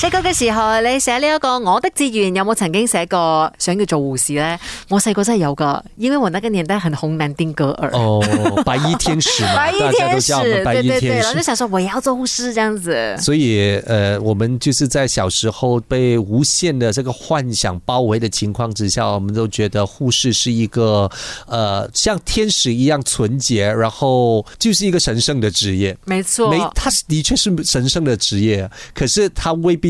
細個嘅時候，你寫呢一個我的志願，有冇曾經寫過想叫做護士呢？我細個真係有噶，因為我那得年代很好靚啲 g i 哦，白衣， 白衣天使，大家天叫白衣天使，我就想說，我也要做護士，這樣子。所以，呃，我們就是在小時候被無限的這個幻想包圍的情況之下，我們都覺得護士是一個，呃，像天使一樣純潔，然後就是一個神聖的職業。沒錯，沒，它是的確係神聖的職業，可是它未必。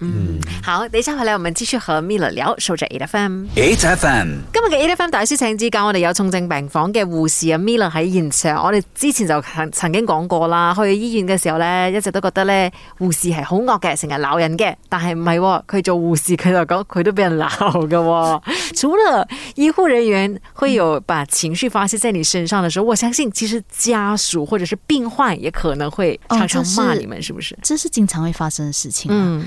嗯,嗯，好，等一下，嚟，我們繼續和 Miller 聊。收着 e t f M，ATF M，今日嘅 e t f M，大師請指教，我哋有重症病房嘅護士阿 Miller 喺現場。我哋之前就曾曾經講過啦，去醫院嘅時候咧，一直都覺得咧，護士係好惡嘅，成日鬧人嘅。但係唔係，佢做護士佢就講佢都俾人鬧嘅喎。 除了醫護人員會有把情緒發泄在你身上嘅時候、嗯，我相信其實家屬或者是病患也可能會常常罵你們、哦是，是不是？這是經常會發生嘅事情。嗯。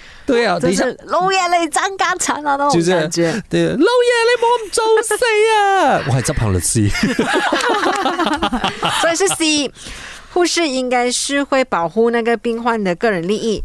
是對啊，老爺你爭家產啊，老感覺，對，老爺你唔好咁做死啊， 我係執行律師 所以是 C。護士應該是會保護那個病患的個人利益。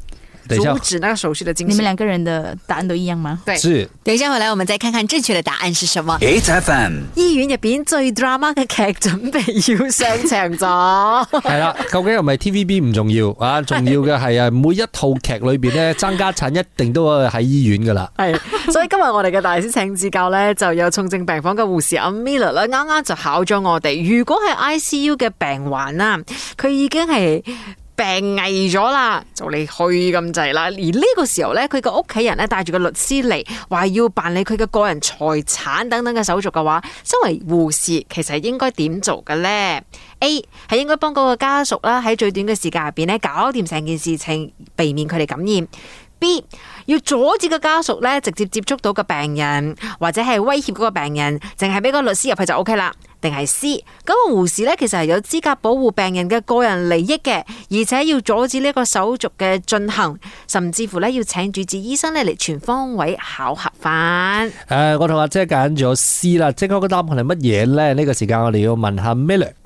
阻止那個手術的進行。你們兩個人的答案都一樣嗎？對，是。等一下，回來我們再看看正確的答案是什麼。誒，採訪，醫院入邊最 drama 嘅劇準備要上場咗。係啦，究竟係咪 TVB 唔重要啊？重要嘅係啊，每一套劇裏邊呢，爭 家產一定都會喺醫院噶啦。係 所以今日我哋嘅大師請指教呢，就有重症病房嘅護士阿 Miller 咧，啱啱就考咗我哋。如果係 ICU 嘅病患啦，佢已經係。病危咗啦，就你虛咁滯啦。而呢個時候呢，佢個屋企人咧，帶住個律師嚟，話要辦理佢嘅個人財產等等嘅手續嘅話，身為護士其實應該點做嘅呢？A 係應該幫嗰個家屬啦，喺最短嘅時間入邊咧，搞掂成件事情，避免佢哋感染。B 要阻止個家屬呢直接接觸到個病人，或者係威脅嗰個病人，淨係俾個律師入去就 O K 啦。定係 C，咁個護士呢，其實係有資格保護病人嘅個人利益嘅，而且要阻止呢個手續嘅進行，甚至乎呢，要請主治醫生咧嚟全方位考核翻。誒、呃，我同阿姐揀咗 C 啦，正確嘅答案係乜嘢呢？呢、這個時間我哋要問下 Miller。